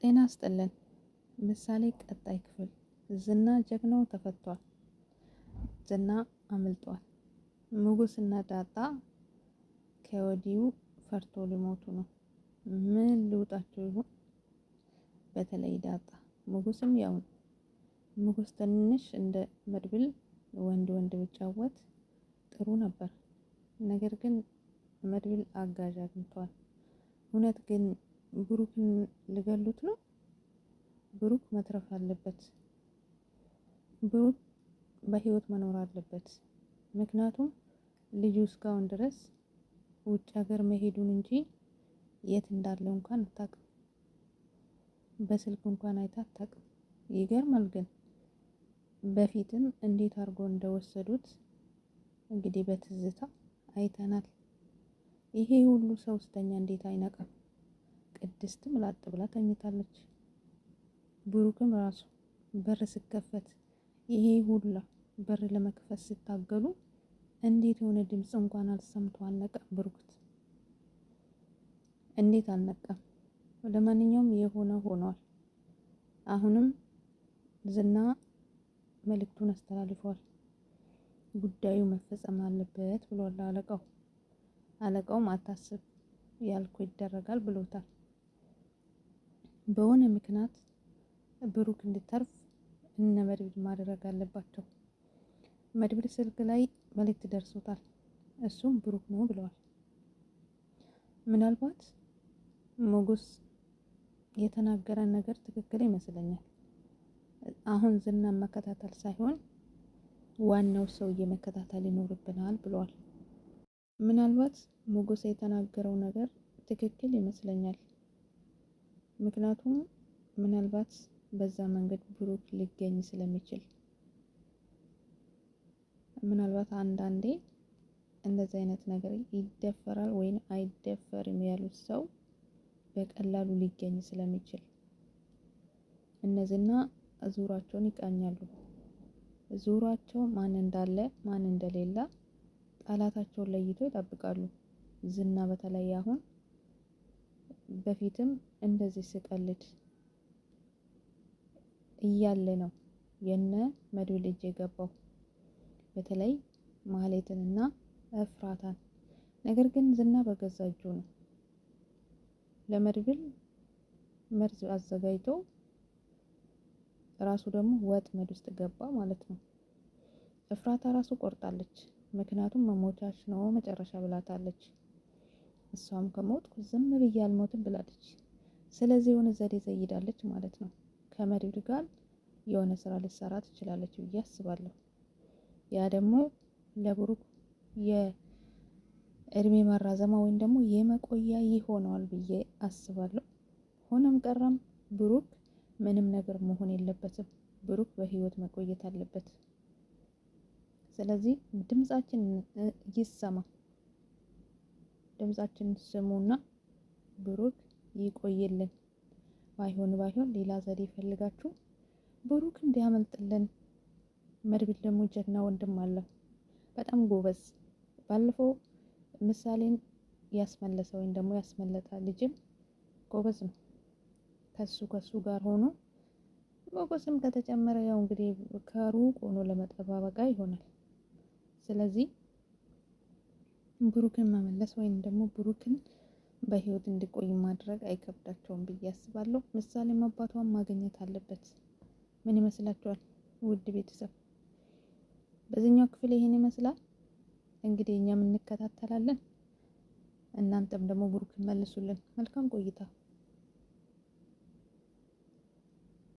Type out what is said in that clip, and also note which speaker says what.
Speaker 1: ጤና ይስጥልን። ምሳሌ ቀጣይ ክፍል። ዝና ጀግናው ተፈቷል። ዝና አምልጧል። እና ዳጣ ከወዲሁ ፈርቶ ሊሞቱ ነው። ምን ልውጣቸው ይሆን? በተለይ ዳጣ፣ ንጉስም ያው ነው። ንጉስ ትንሽ እንደ መድብል ወንድ ወንድ ቢጫወት ጥሩ ነበር። ነገር ግን መድብል አጋዥ አግኝቷል። እውነት ግን ብሩክን ልገሉት ነው። ብሩክ መትረፍ አለበት። ብሩክ በህይወት መኖር አለበት። ምክንያቱም ልጁ እስካሁን ድረስ ውጭ ሀገር መሄዱን እንጂ የት እንዳለው እንኳን አታውቅም። በስልክ እንኳን አይታ አታውቅም። ይገርማል ግን በፊትም እንዴት አድርጎ እንደወሰዱት እንግዲህ በትዝታ አይተናል። ይሄ ሁሉ ሰው ስተኛ እንዴት አይነቃም? ቅድስትም ላጥ ብላ ተኝታለች። ብሩክም ራሱ በር ስከፈት ይሄ ሁላ በር ለመክፈት ሲታገሉ እንዴት የሆነ ድምፅ እንኳን አልሰምቶ አልነቃም። ብሩክት እንዴት አልነቀም ለማንኛውም የሆነ ሆኗል። አሁንም ዝና መልእክቱን አስተላልፏል። ጉዳዩ መፈጸም አለበት ብሏል አለቃው። አለቃውም አታስብ ያልኩ ይደረጋል ብሎታል። በሆነ ምክንያት ብሩክ እንድታርፍ እነ ማድረግ አለባቸው። መድብድ ስልክ ላይ መልእክት ደርሶታል። እሱም ብሩክ ነው ብለዋል። ምናልባት ሞገስ የተናገረን ነገር ትክክል ይመስለኛል። አሁን ዝና መከታተል ሳይሆን ዋናው ሰውዬ መከታተል ይኖርብናል ብለዋል። ምናልባት ሞገስ የተናገረው ነገር ትክክል ይመስለኛል። ምክንያቱም ምናልባት በዛ መንገድ ብሩክ ሊገኝ ስለሚችል ምናልባት አንዳንዴ እንደዚህ አይነት ነገር ይደፈራል ወይም አይደፈርም ያሉት ሰው በቀላሉ ሊገኝ ስለሚችል እነዚህና ዙራቸውን ይቃኛሉ። ዙራቸው ማን እንዳለ ማን እንደሌላ ጠላታቸውን ለይተው ይጠብቃሉ። ዝና በተለይ አሁን በፊትም እንደዚህ ስቀልድ እያለ ነው የነ መድብል እጅ የገባው በተለይ ማህሌትንና እፍራታን። ነገር ግን ዝና በገዛ እጁ ነው ለመድብል መርዝ አዘጋጅቶ ራሱ ደግሞ ወጥመድ ውስጥ ገባ ማለት ነው። እፍራታ ራሱ ቆርጣለች። ምክንያቱም መሞቻች ነው መጨረሻ ብላታለች። እሷም ከሞትኩ ዝም ብዬ አልሞትም ብላለች። ስለዚህ የሆነ ዘዴ ዘይዳለች ማለት ነው። ከመሪው ጋር የሆነ ስራ ልትሰራ ትችላለች ብዬ አስባለሁ። ያ ደግሞ ለብሩክ የእድሜ መራዘማ ወይም ደግሞ የመቆያ ይሆነዋል ብዬ አስባለሁ። ሆነም ቀረም ብሩክ ምንም ነገር መሆን የለበትም። ብሩክ በህይወት መቆየት አለበት። ስለዚህ ድምጻችን ይሰማ። ድምጻችን ስሙና ብሩክ ይቆይልን። ባይሆን ባይሆን ሌላ ዘዴ ይፈልጋችሁ ብሩክ እንዲያመልጥልን። መድብል ደግሞ ጀግና ወንድም አለው፣ በጣም ጎበዝ። ባለፈው ምሳሌን ያስመለሰ ወይም ደግሞ ያስመለጠ ልጅም ጎበዝ ነው። ከሱ ከሱ ጋር ሆኖ ጎበዝም ከተጨመረ ያው እንግዲህ ከሩቅ ሆኖ ለመጠባበቃ ይሆናል። ስለዚህ ብሩክን መመለስ ወይም ደግሞ ብሩክን በህይወት እንዲቆይ ማድረግ አይከብዳቸውም ብዬ አስባለሁ። ምሳሌ አባቷን ማግኘት አለበት። ምን ይመስላችኋል ውድ ቤተሰብ? በዚህኛው ክፍል ይህን ይመስላል። እንግዲህ እኛም እንከታተላለን። እናንተም ደግሞ ብሩክን መልሱልን። መልካም ቆይታ